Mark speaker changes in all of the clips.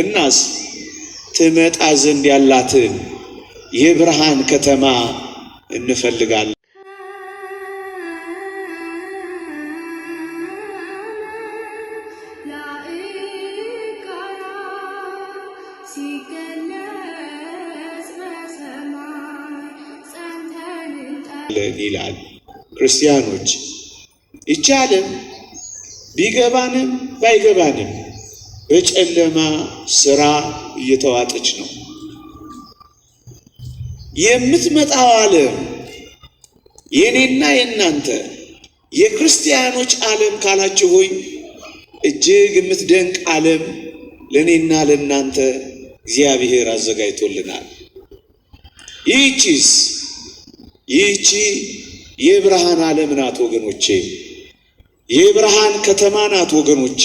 Speaker 1: እናስ ትመጣ ዘንድ ያላትን የብርሃን ከተማ እንፈልጋለን። ይላል። ክርስቲያኖች ይቻለም ቢገባንም ባይገባንም በጨለማ ስራ እየተዋጠች ነው። የምትመጣው ዓለም የእኔና የእናንተ የክርስቲያኖች ዓለም ካላችሁ ሆይ እጅግ የምትደንቅ ዓለም ለእኔና ለእናንተ እግዚአብሔር አዘጋጅቶልናል። ይህቺስ ይህቺ የብርሃን ዓለም ናት ወገኖቼ፣ የብርሃን ከተማ ናት ወገኖቼ።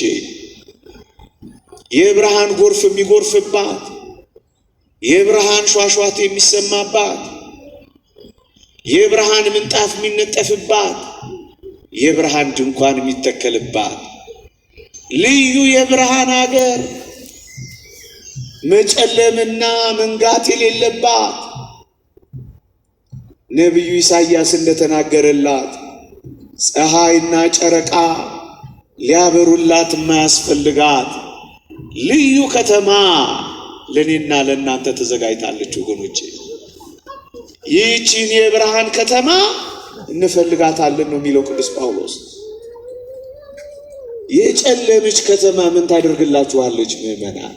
Speaker 1: የብርሃን ጎርፍ የሚጎርፍባት፣ የብርሃን ሿሿት የሚሰማባት፣ የብርሃን ምንጣፍ የሚነጠፍባት፣ የብርሃን ድንኳን የሚተከልባት ልዩ የብርሃን አገር መጨለምና መንጋት የሌለባት ነቢዩ ኢሳይያስ እንደተናገረላት ፀሐይና ጨረቃ ሊያበሩላት የማያስፈልጋት ልዩ ከተማ ለእኔና ለእናንተ ተዘጋጅታለች ወገኖቼ። ይህቺን የብርሃን ከተማ እንፈልጋታለን ነው የሚለው ቅዱስ ጳውሎስ። የጨለመች ከተማ ምን ታደርግላችኋለች ምዕመናን?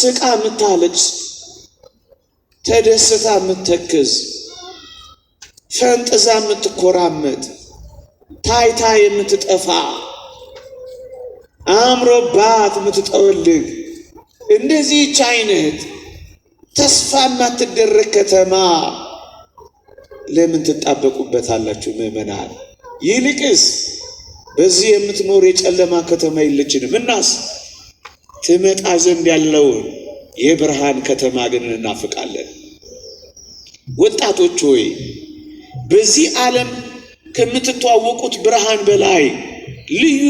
Speaker 1: ስቃ የምታለቅስ ተደስታ የምትተክዝ ፈንጥዛ የምትኮራመጥ ታይታ የምትጠፋ አምሮባት የምትጠወልግ እንደዚህች አይነት ተስፋ የማትደረግ ከተማ ለምን ትጣበቁበታላችሁ ምዕመናን? ይልቅስ በዚህ የምትኖር የጨለማ ከተማ የለችንም። እናስ ትመጣ ዘንድ ያለውን የብርሃን ከተማ ግን እናፍቃለን። ወጣቶች ሆይ በዚህ ዓለም ከምትተዋወቁት ብርሃን በላይ ልዩ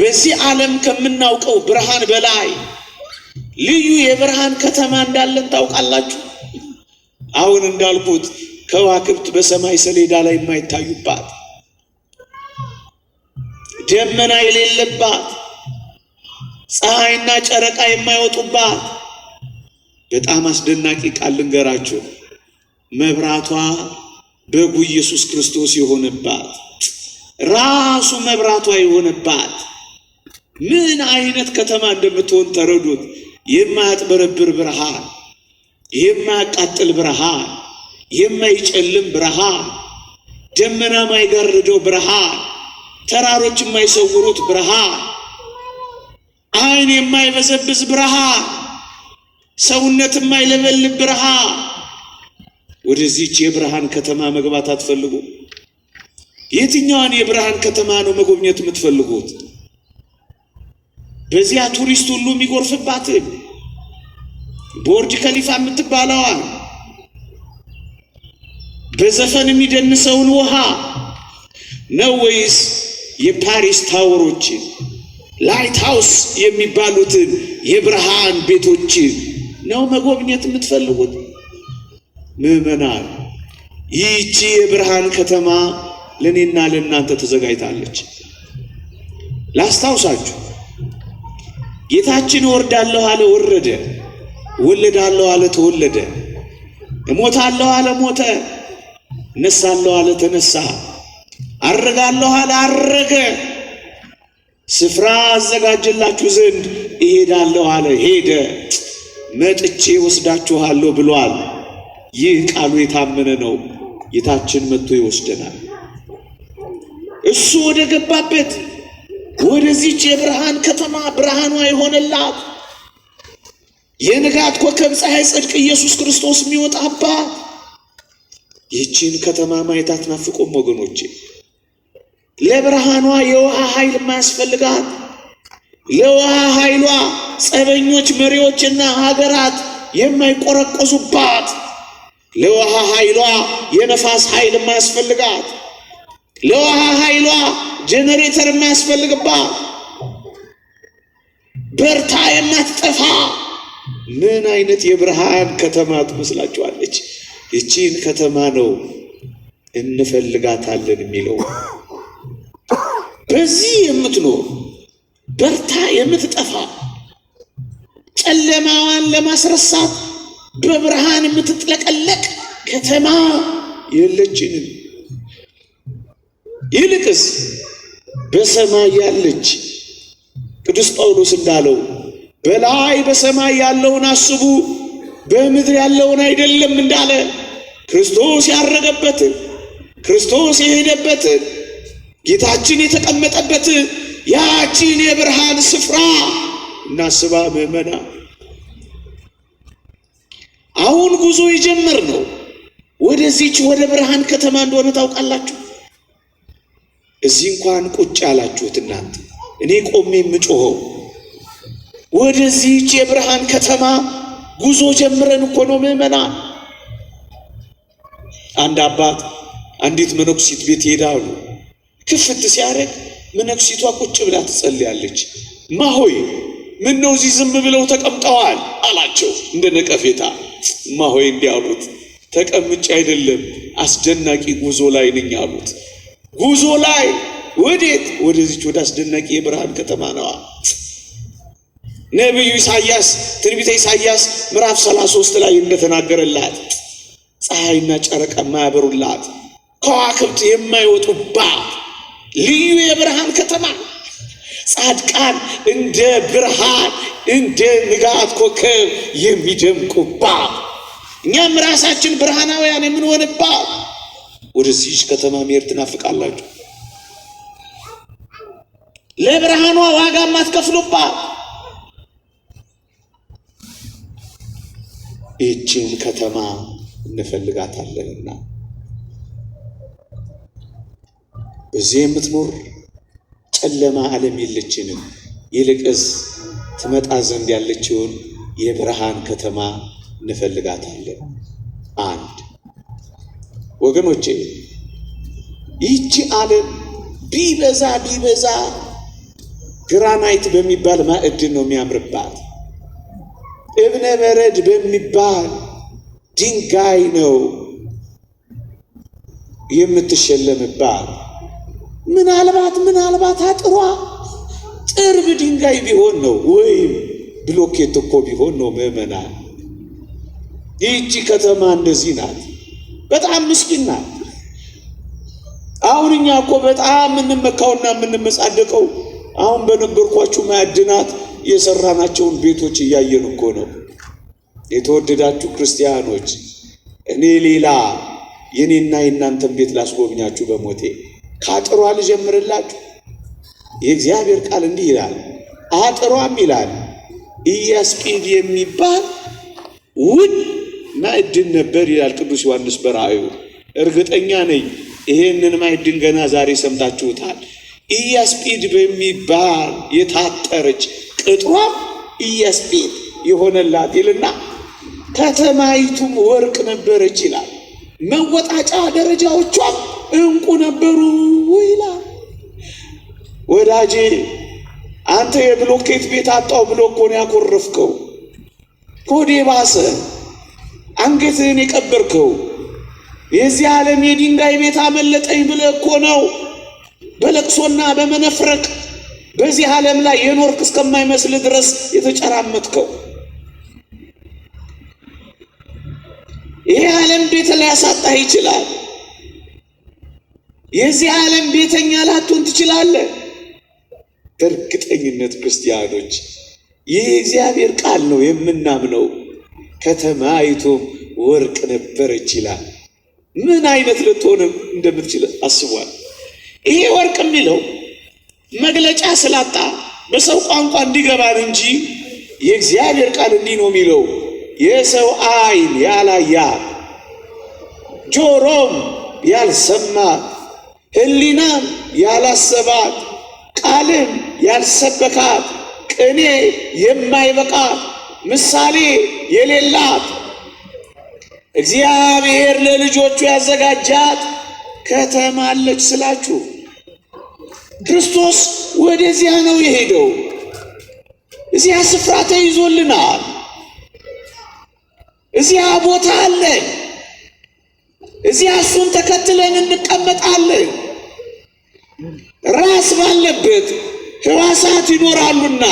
Speaker 1: በዚህ ዓለም ከምናውቀው ብርሃን በላይ ልዩ የብርሃን ከተማ እንዳለን ታውቃላችሁ። አሁን እንዳልኩት ከዋክብት በሰማይ ሰሌዳ ላይ የማይታዩባት ደመና የሌለባት ፀሐይና ጨረቃ የማይወጡባት በጣም አስደናቂ ቃል ልንገራችሁ። መብራቷ በጉ ኢየሱስ ክርስቶስ የሆነባት ራሱ መብራቷ የሆነባት ምን አይነት ከተማ እንደምትሆን ተረዱት። የማያጥበረብር ብርሃን፣ የማያቃጥል ብርሃን፣ የማይጨልም ብርሃን፣ ደመና ማይጋርደው ብርሃን፣ ተራሮች የማይሰውሩት ብርሃን፣ አይን የማይበዘብዝ ብርሃን፣ ሰውነት የማይለበልብ ብርሃን። ወደዚች የብርሃን ከተማ መግባት አትፈልጉ? የትኛዋን የብርሃን ከተማ ነው መጎብኘት የምትፈልጉት? በዚያ ቱሪስት ሁሉ የሚጎርፍባት ቦርጅ ከሊፋ የምትባለዋ በዘፈን የሚደንሰውን ውሃ ነው ወይስ የፓሪስ ታወሮችን ላይት ሃውስ የሚባሉትን የብርሃን ቤቶችን ነው መጎብኘት የምትፈልጉት? ምዕመናን፣ ይህቺ የብርሃን ከተማ ለእኔና ለእናንተ ተዘጋጅታለች። ላስታውሳችሁ ጌታችን እወርዳለሁ አለ፣ ወረደ። እወለዳለሁ አለ፣ ተወለደ። እሞታለሁ አለ፣ ሞተ። እነሳለሁ አለ፣ ተነሳ። አረጋለሁ አለ፣ አረገ። ስፍራ አዘጋጀላችሁ ዘንድ እሄዳለሁ አለ፣ ሄደ። መጥቼ ወስዳችኋለሁ ብሏል። ይህ ቃሉ የታመነ ነው። ጌታችን መጥቶ ይወስደናል። እሱ ወደ ገባበት ወደዚች የብርሃን ከተማ ብርሃኗ የሆነላት የንጋት ኮከብ ፀሐይ ጽድቅ ኢየሱስ ክርስቶስ የሚወጣባት ይህችን ከተማ ማየት አትናፍቆም ወገኖቼ? ለብርሃኗ የውሃ ኃይል ማያስፈልጋት ለውሃ ኃይሏ ጸበኞች መሪዎችና ሀገራት የማይቆረቆዙባት ለውሃ ኃይሏ የነፋስ ኃይል ማያስፈልጋት ለውሃ ኃይሏ ጄኔሬተር የማያስፈልግባ በርታ የማትጠፋ ምን አይነት የብርሃን ከተማ ትመስላችኋለች? ይቺን ከተማ ነው እንፈልጋታለን የሚለው በዚህ የምትኖር በርታ የምትጠፋ ጨለማዋን ለማስረሳት በብርሃን የምትጥለቀለቅ ከተማ የለችንም። ይልቅስ በሰማይ ያለች ቅዱስ ጳውሎስ እንዳለው በላይ በሰማይ ያለውን አስቡ፣ በምድር ያለውን አይደለም እንዳለ ክርስቶስ ያረገበትን ክርስቶስ የሄደበትን ጌታችን የተቀመጠበት ያቺን የብርሃን ስፍራ እናስባ ምዕመና። አሁን ጉዞ ነው ወደዚች ወደ ብርሃን ከተማ እንደሆነ ታውቃላችሁ። እዚህ እንኳን ቁጭ አላችሁት እናንተ እኔ ቆሜ የምጮኸው ወደዚህች የብርሃን ከተማ ጉዞ ጀምረን እኮ ነው ምዕመናን። አንድ አባት አንዲት መነኩሲት ቤት ይሄዳሉ። ክፍት ሲያደርግ መነኩሲቷ ቁጭ ብላ ትጸልያለች። ማሆይ ምን ነው እዚህ ዝም ብለው ተቀምጠዋል አላቸው እንደ ነቀፌታ። ማሆይ እንዲህ አሉት፣ ተቀምጬ አይደለም አስደናቂ ጉዞ ላይ ነኝ አሉት። ጉዞ ላይ ወዴት? ወደዚች ወደ አስደናቂ የብርሃን ከተማ ነዋ። ነቢዩ ኢሳያስ ትንቢተ ኢሳያስ ምዕራፍ 33 ላይ እንደተናገረላት ፀሐይና ጨረቃ የማያበሩላት ከዋክብት የማይወጡባት ልዩ የብርሃን ከተማ ጻድቃን እንደ ብርሃን እንደ ንጋት ኮከብ የሚደምቁባት እኛም ራሳችን ብርሃናውያን የምንሆንባት ወደዚች ከተማ መሄድ ትናፍቃላችሁ። ለብርሃኗ ዋጋ ማትከፍሉባት ይህችን ከተማ እንፈልጋታለንና በዚህ የምትኖር ጨለማ ዓለም የለችንም። ይልቅስ ትመጣ ዘንድ ያለችውን የብርሃን ከተማ እንፈልጋታለን። አንድ ወገኖቼ ይቺ ዓለም ቢበዛ ቢበዛ ግራናይት በሚባል ማዕድን ነው የሚያምርባት። እብነ በረድ በሚባል ድንጋይ ነው የምትሸለምባት። ምናልባት ምናልባት አጥሯ ጥርብ ድንጋይ ቢሆን ነው ወይም ብሎኬት እኮ ቢሆን ነው ምዕመናን። ይቺ ከተማ እንደዚህ ናት። በጣም ምስኪን ናት። አሁን እኛ እኮ በጣም የምንመካውና የምንመጻደቀው አሁን በነገርኳችሁ የሰራ የሰራናቸውን ቤቶች እያየን እኮ ነው። የተወደዳችሁ ክርስቲያኖች፣ እኔ ሌላ የኔና የእናንተን ቤት ላስጎብኛችሁ በሞቴ ከአጥሯ ልጀምርላችሁ። የእግዚአብሔር ቃል እንዲህ ይላል፣ አጥሯም ይላል ኢያስጲድ የሚባል ውድ ማዕድን እድን ነበር ይላል ቅዱስ ዮሐንስ በራእዩ። እርግጠኛ ነኝ ይሄንን ማዕድን ገና ዛሬ ሰምታችሁታል። ኢያስጲድ በሚባል የታጠረች ቅጥሯም ኢያስጲድ የሆነላት ይልና ከተማይቱም ወርቅ ነበረች ይላል። መወጣጫ ደረጃዎቿም እንቁ ነበሩ ይላል። ወዳጄ አንተ የብሎኬት ቤት አጣው ብሎ እኮ ነው ያኮረፍከው። ኮዴ ባሰ አንገትህን የቀበርከው የዚህ ዓለም የድንጋይ ቤት አመለጠኝ ብለህ እኮ ነው በለቅሶና በመነፍረቅ በዚህ ዓለም ላይ የኖርክ እስከማይመስል ድረስ የተጨራመጥከው ይህ ዓለም ቤት ሊያሳጣህ ይችላል። የዚህ ዓለም ቤተኛ ላትሆን ትችላለህ። በእርግጠኝነት ክርስቲያኖች የእግዚአብሔር ቃል ነው የምናምነው ከተማይቱም ወርቅ ነበረች ይላል። ምን አይነት ልትሆን እንደምትችል አስቧል። ይሄ ወርቅ የሚለው መግለጫ ስላጣ በሰው ቋንቋ እንዲገባን እንጂ የእግዚአብሔር ቃል እንዲህ ነው የሚለው የሰው አይን ያላያ ጆሮም ያልሰማት ህሊናም ያላሰባት ቃልም ያልሰበካት ቅኔ የማይበቃት ምሳሌ የሌላት እግዚአብሔር ለልጆቹ ያዘጋጃት ከተማ አለች ስላችሁ ክርስቶስ ወደዚያ ነው የሄደው። እዚያ ስፍራ ተይዞልናል። እዚያ ቦታ አለን። እዚያ እሱን ተከትለን እንቀመጣለን። ራስ ባለበት ሕዋሳት ይኖራሉና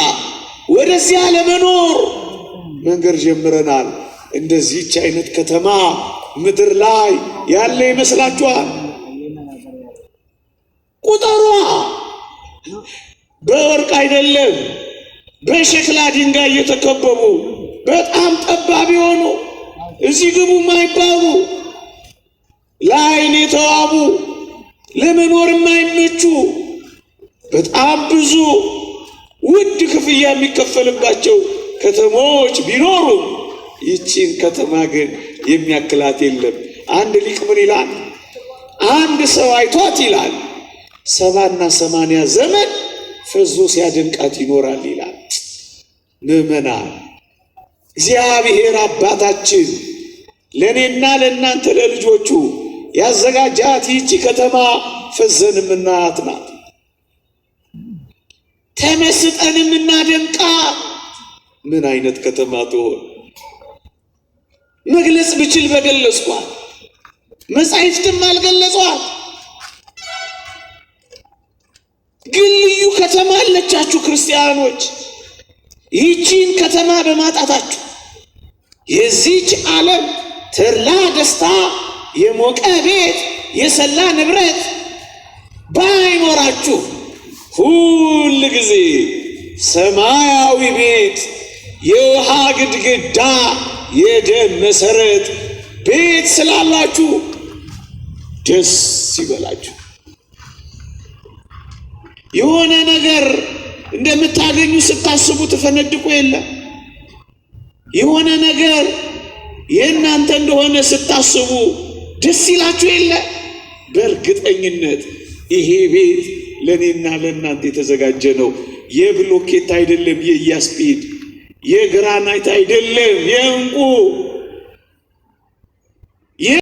Speaker 1: ወደዚያ ለመኖር መንገድ ጀምረናል። እንደዚህች አይነት ከተማ ምድር ላይ ያለ ይመስላችኋል? ቁጠሯ በወርቅ አይደለም፣ በሸክላ ድንጋይ እየተከበቡ በጣም ጠባብ የሆኑ እዚህ ግቡ የማይባሉ ለአይን የተዋቡ ለመኖር የማይመቹ በጣም ብዙ ውድ ክፍያ የሚከፈልባቸው ከተሞች ቢኖሩ ይቺን ከተማ ግን የሚያክላት የለም። አንድ ሊቅ ምን ይላል? አንድ ሰው አይቷት ይላል ሰባና ሰማንያ ዘመን ፈዞ ሲያደንቃት ይኖራል ይላል። ምዕመናን እግዚአብሔር አባታችን ለእኔና ለእናንተ ለልጆቹ ያዘጋጃት ይቺ ከተማ ፈዘን የምናያት ናት። ተመስጠን የምናደንቃት ምን አይነት ከተማ ትሆን? መግለጽ ብችል በገለጽኳት፣ መጻሕፍትም አልገለጿት። ግን ልዩ ከተማ አለቻችሁ ክርስቲያኖች። ይህቺን ከተማ በማጣታችሁ የዚች ዓለም ተድላ ደስታ፣ የሞቀ ቤት፣ የሰላ ንብረት ባይኖራችሁ ሁል ጊዜ ሰማያዊ ቤት የውሃ ግድግዳ የደም መሰረት ቤት ስላላችሁ ደስ ይበላችሁ። የሆነ ነገር እንደምታገኙ ስታስቡ ትፈነድቁ የለ የሆነ ነገር የእናንተ እንደሆነ ስታስቡ ደስ ይላችሁ የለ በእርግጠኝነት ይሄ ቤት ለእኔና ለእናንተ የተዘጋጀ ነው። የብሎኬት አይደለም የኢያስጲድ የግራናይት አይደለም የእንቁ